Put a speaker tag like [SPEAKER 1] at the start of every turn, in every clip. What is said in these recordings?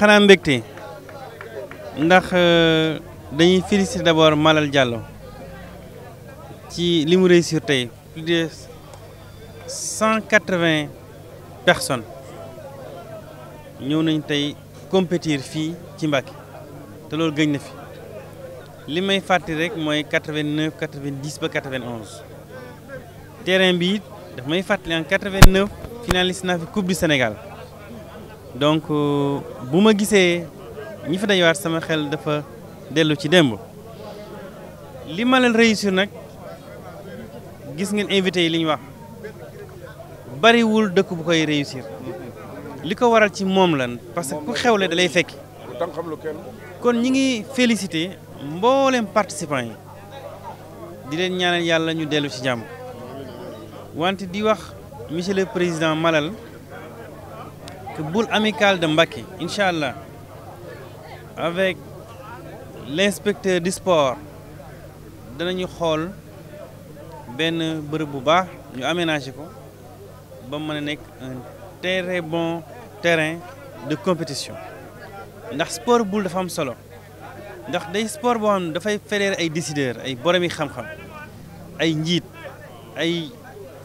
[SPEAKER 1] xanaa mbégte ndax euh, dañuy féliciter d'abord Malal Diallo ci li mu réussir tey plus cent quatre-vingts ñëw nañ tey compétir fii ci Mbacké te loolu gëñ na fi li may fàttali rek mooy quatre-vingt-neuf ba quatre-vingt-onze terrain bi daf may fàttali en quatre-vingt-neuf finaliste naa fi Coupe du Sénégal donc euh, bu ma gisee ñi fa dajawaat sama xel dafa dellu ci démb li ma leen réussir nag gis ngeen invité yi li ñu wax bariwul dëkk bu koy réussir li ko waral ci moom lan parce que ku xewle da lay fekki kon ñi ngi félicité mboolem participants yi di leen ñaanal yàlla ñu dellu ci jàmm wante di wax monsieur président Malal que boule amicale de Mbacké incha allah avec l'inspecteur du sport danañu xool benn bërëb bu baax ñu aménagé ko ba mën a nekk un très bon terrain de compétition ndax sport boule dafa am solo ndax day sport boo xam ne dafay fédérer ay décideurs ay boromi xam-xam ay njiit ay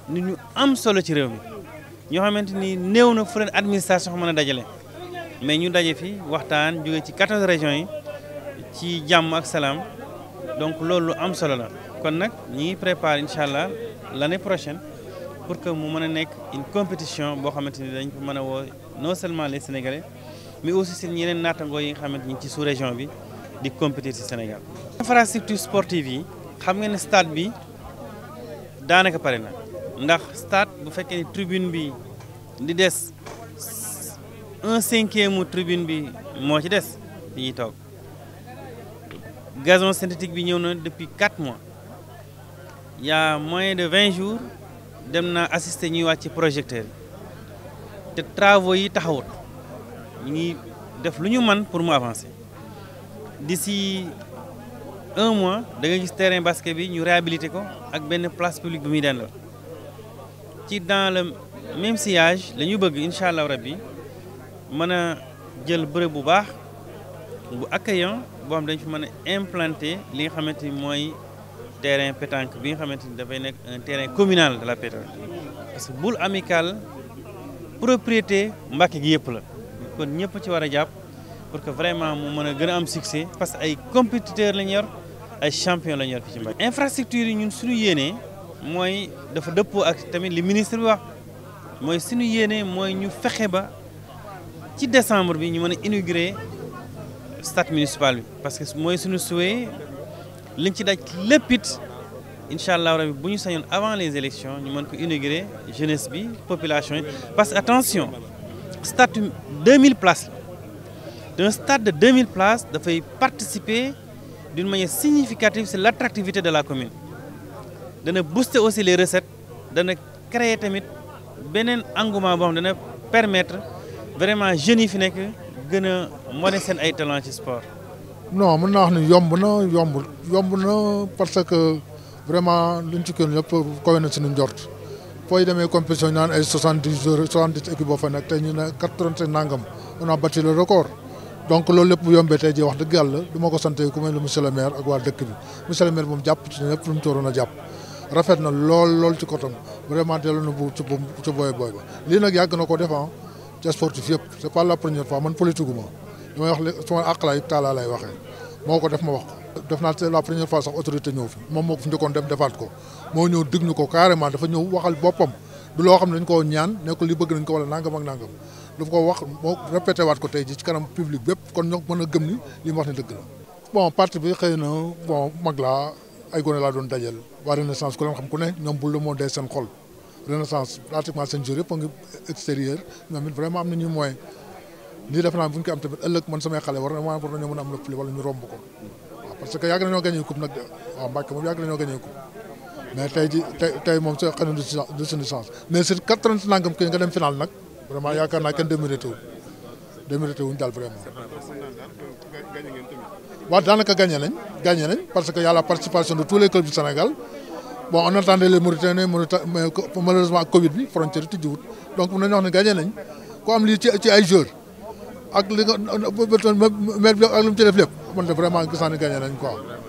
[SPEAKER 1] nit ñu am solo ci réew mi ñoo xamante ni néew na fu leen administration mën a dajale mais ñu daje fi waxtaan jóge ci 14 régions yi ci jàmm ak salaam donc loolu lu am solo la kon nag ñi prépare préparé allah la ne prochaine pour que mu mën a nekk une compétition boo xamante ni dañ ko mën a woo non seulement les sénégalais mais aussi si ñeneen naatangoo yi nga xamante ni ci sous région bi di compétir si Sénégal. infrastructure sportive yi xam nga ne stade bi daanaka pare na. ndax stade bu fekkee ni tribune bi di des un cinquième tribune bi moo ci des dañuy toog gazon synthétique bi ñëw na depuis quatre mois il y de vingt jours dem na assister ñuy wàcc projecteur te travaux yi taxawut ñu ngi def lu ñu man pour mu avancer d'ici un mois da nga gis terrain basket bi ñu réhabilité ko ak benn place publique bi muy dendal ci dans le même sillage la bëgg incha allah rabbi mën a jël bërëb bu baax bu accueillant boo xam dañ fi mën a implanter li nga xamante ni mooy terrain pétanque bi nga xamante ni dafay nekk un terrain communal la pétanque parce que boule amicale propriété Mbàkke gi yëpp la kon ñëpp ci war a jàpp pour que vraiment mu mën a gën a am succès parce que ay compétiteurs lañ yor ay champion lañ yor fi ci Mbàkke infrastructure yi ñun suñu yéenee mooy dafa dëppoo ak tamit li ministre bi wax mooy suñu yéene mooy ñu fexe ba ci décembre bi ñu mën a inauguré stade bi parce que mooy suñu souhait liñ ci daj lépp it incha allah rabi bu ñu sañoon avant les élections ñu mën ko inauguré jeunesse bi population yi parce que attention stade 2000 places la d'un stade de 2000 places dafay participer d'une manière significative sur l'attractivité de la commune dana buste aussi les recettes dana créer tamit beneen engouement boo xam dana permettre vraiment jeunes fi nekk gën a wane seen ay talent ci sport.
[SPEAKER 2] non mën naa wax ni yomb na yomb yomb na parce que vraiment luñ ci kër yëpp koy naan ay soixante dix jours soixante dix équipe boo fa nekk te ñu ne quatre trente nangam on a battu le record. donc loolu lépp bu yombee tey jii wax dëgg yàlla du ma ko sante ku mel ne monsieur le maire ak waa dëkk bi monsieur le maire moom rafet na lool lool ci kotom vraiment teeloon na bu ci ci booy booy ba lii nag yàgg na ko defan ah, ci sportif yëpp c'est pas la première fois man politique ma li may wax li suma àq lay taalaa lay waxee moo ko def ma wax ko def naa c'est la première fois sax autorité ñëw fi moom moo ko fi njëkkoon dem defaat ko moo ñëw dig ñu ko carrément dafa ñëw waxal boppam du loo xam ne dañ koo ñaan nekk li bëgg nañ ko wala nangam ak nangam dafa ko wax moo répété waat ko tey ji ci kanam public bépp kon ñoo mën a gëm ni li mu wax ne dëgg la bon bi xëy na bon mag laa ay gone laa doon dajal waa Renaissance ku leen xam ku ne ñoom bu la moo dee seen xol Renaissance pratiquement seen jour yëpp a ngi extérieur ñoom it vraiment am nañu moyen lii def naa bu ñu ko am tamit ëllëg man samay xale war na war nañoo am la pli wala ñu romb ko waaw parce que yàgg nañoo gagné coupe nag waaw Mbàkke moom yàgg nañoo gagné coupe mais tey moom sa xëy na mais si quatre nangam kii nga dem final nag vraiment yaakaar démérité wuñ daal vraiment. waaw daanaka gagné nañ gagné nañ parce que yàlla a la participation de tous les clubs du Sénégal bon on attendait les Mauritaniens mais malheureusement ak Covid bi frontière yi tijjiwut donc mun nañu wax ne gagné nañ ku am lii ci ci ay joueurs ak li nga mét ak lu mu ci def lépp man de vraiment gis naa ne gagné nañ quoi.